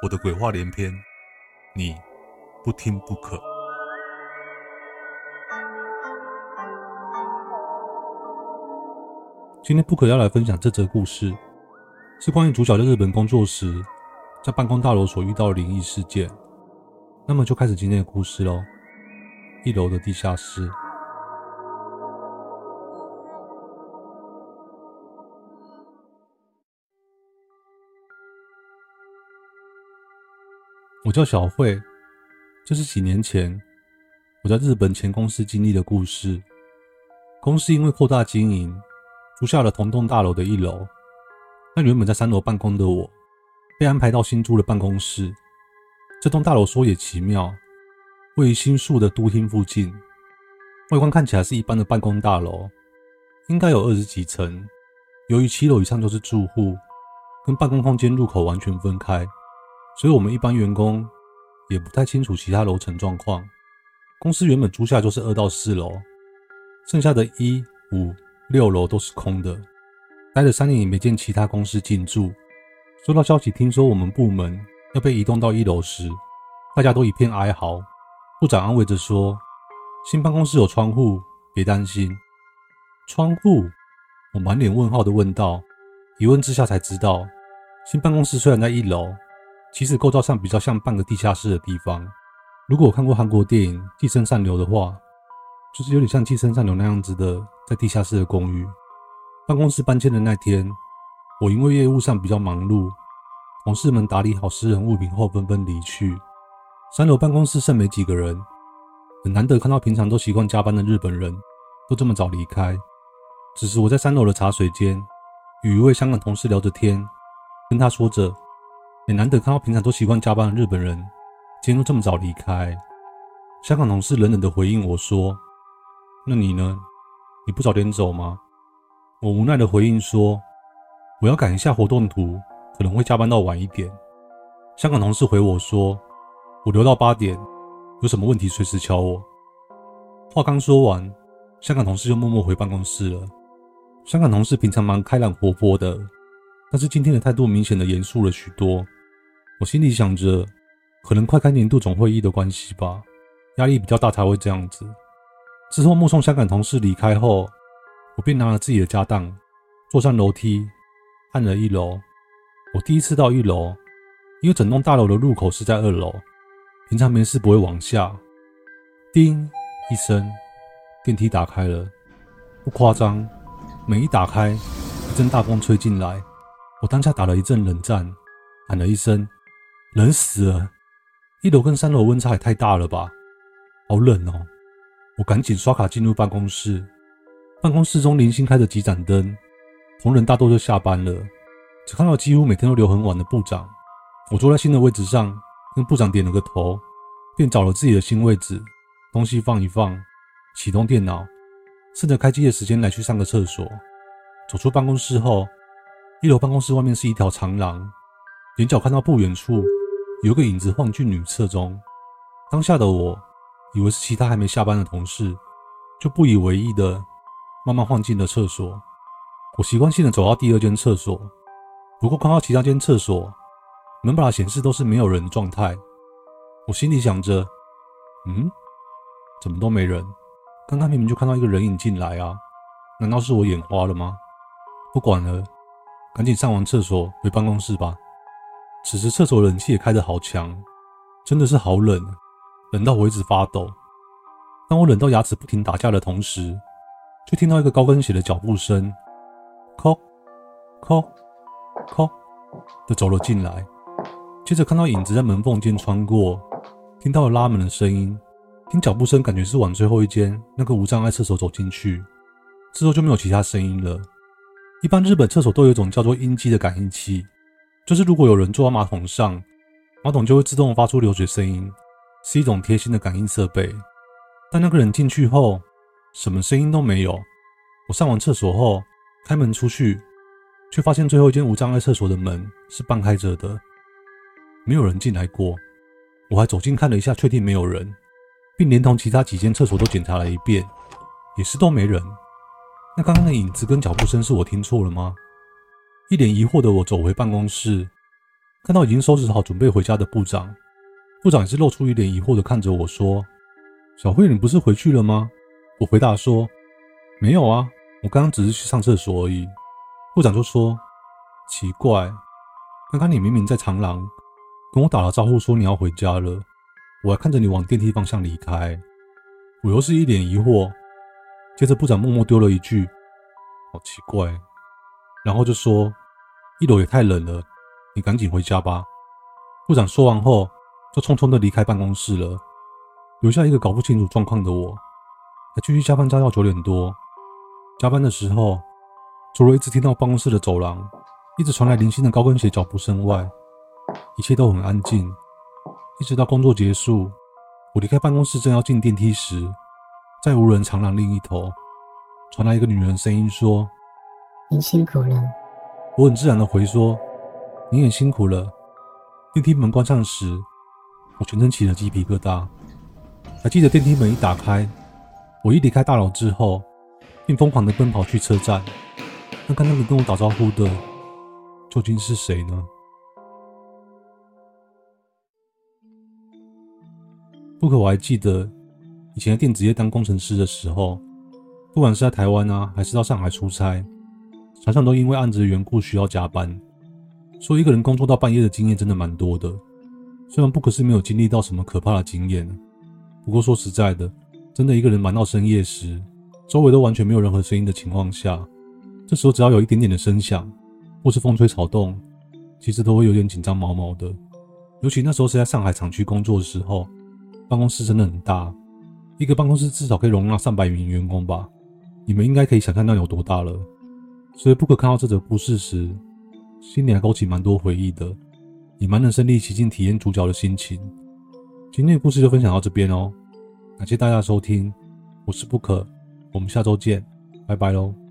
我的鬼話連篇，你不聽不可。今天不可要來分享這則故事，是關於主角在日本工作時，在辦公大樓所遇到的靈異事件。那麼就開始今天的故事嘍。一樓的地下室。我叫小慧，這是幾年前我在日本前公司經歷的故事。公司因為擴大經營，租下了同棟大樓的一樓，但原本在三樓辦公的我，被安排到新租的辦公室。這棟大樓說也奇妙，位於新宿的都廳附近，外觀看起來是一般的辦公大樓，應該有二十幾層。由於七樓以上都是住戶，跟辦公空間入口完全分開。所以我們一般員工也不太清楚其他樓層狀況。公司原本租下就是二到四樓，剩下的一五六樓都是空的。待了三年也沒見其他公司進駐。收到消息，聽說我們部門要被移動到一樓時，大家都一片哀嚎。部長安慰着說：“新辦公室有窗戶，別擔心。”窗戶？我滿臉問號的問道。一問之下才知道，新辦公室雖然在一樓。其實構造上比較像半個地下室的地方。如果我看過韓國電影《寄生上流》的話，就是有點像《寄生上流》那樣子的在地下室的公寓。辦公室搬遷的那天，我因為業務上比較忙碌，同事們打理好私人物品後紛紛離去。三樓辦公室剩沒幾個人，很難得看到平常都習慣加班的日本人都這麼早離開。只是我在三樓的茶水間與一位香港同事聊着天，跟他說着。也難得看到平常都習慣加班的日本人，今天都這麼早離開。香港同事冷冷的回應我說：“那你呢？你不早點走嗎？”我無奈的回應說：“我要趕一下活動圖，可能會加班到晚一點。”香港同事回我說：“我留到八點，有什麼問題隨時敲我。”話剛說完，香港同事就默默回辦公室了。香港同事平常蠻開朗活潑的，但是今天的態度明顯的嚴肅了許多。我心裡想着，可能快開年度總會議的關係吧，壓力比較大才會這樣子。之後目送香港同事離開後，我便拿了自己的家當，坐上樓梯，按了一樓。我第一次到一樓，因為整棟大樓的入口是在二樓，平常沒事不會往下。叮一聲，電梯打開了。不誇張，門一打開，一陣大風吹進來，我當下打了一陣冷戰，喊了一聲。冷死了！一樓跟三樓溫差也太大了吧，好冷哦！我趕緊刷卡進入辦公室。辦公室中零星開着幾盞燈，同仁大多就下班了，只看到幾乎每天都留很晚的部長。我坐在新的位置上，跟部長點了個頭，便找了自己的新位置，東西放一放，啟動電腦，趁着開機的時間來去上個廁所。走出辦公室後，一樓辦公室外面是一條長廊，眼角看到不遠處。有一個影子晃進女廁中，當下的我以為是其他還沒下班的同事，就不以為意的慢慢晃進了廁所。我習慣性的走到第二間廁所，不過看到其他間廁所門把顯示都是沒有人的狀態，我心裡想着，嗯，怎麼都沒人？剛剛明明就看到一個人影進來啊，難道是我眼花了嗎？不管了，趕緊上完廁所回辦公室吧。此時廁所的冷氣也開得好強，真的是好冷，冷到我一直發抖。當我冷到牙齒不停打架的同時，就聽到一個高跟鞋的腳步聲，叩叩叩的走了進來。接着看到影子在門縫間穿過，聽到了拉門的聲音，聽腳步聲感覺是往最後一間那個無障礙廁所走進去。之後就沒有其他聲音了。一般日本廁所都有一種叫做音姬的感應器。就是如果有人坐在馬桶上，馬桶就會自動發出流水聲音，是一種貼心的感應設備。但那個人進去後，什麼聲音都沒有。我上完廁所後開門出去，卻發現最後一間無障礙廁所的門是半開着的，沒有人進來過。我還走近看了一下，確定沒有人，並連同其他幾間廁所都檢查了一遍，也是都沒人。那剛剛的影子跟腳步聲是我聽錯了嗎？一臉疑惑的我走回辦公室，看到已經收拾好準備回家的部長，部長也是露出一臉疑惑的看着我說：“小慧，你不是回去了嗎？”我回答說：“沒有啊，我剛剛只是去上廁所而已。”部長就說：“奇怪，剛剛你明明在長廊，跟我打了招呼說你要回家了，我還看着你往電梯方向離開。”我又是一臉疑惑，接着部長默默丟了一句：“好奇怪。”然後就說。一樓也太冷了，你趕緊回家吧。部長說完後，就匆匆地離開辦公室了，留下一個搞不清楚狀況的我，還繼續加班加到九點多。加班的時候，除了一直聽到辦公室的走廊一直傳來零星的高跟鞋腳步聲外，一切都很安靜。一直到工作結束，我離開辦公室正要進電梯時，在無人長廊另一頭，傳來一個女人聲音說：“您辛苦了。”我很自然地回說：“你也辛苦了。”電梯門關上時，我全身起了雞皮疙瘩。還記得電梯門一打開，我一離開大樓之後，便瘋狂地奔跑去車站。剛那剛剛跟我打招呼的究竟是誰呢？不可，我還記得以前在電子業當工程師的時候，不管是在台灣啊，還是到上海出差。常常都因為案子的緣故需要加班，所以一個人工作到半夜的經驗真的蠻多的。雖然 Book 是沒有經歷到什麼可怕的經驗，不過說實在的，真的一個人忙到深夜時，周圍都完全沒有任何聲音的情況下，這時候只要有一點點的聲響或是風吹草動，其實都會有點緊張毛毛的。尤其那時候是在上海廠區工作的時候，辦公室真的很大，一個辦公室至少可以容納上百名員工吧？你們應該可以想象那有多大了。所以，不可看到這則故事時，心裡還勾起蠻多回憶的，也蠻能身臨其境體驗主角的心情。今天的故事就分享到這邊哦，感謝大家的收聽，我是不可，我們下周見，拜拜嘍。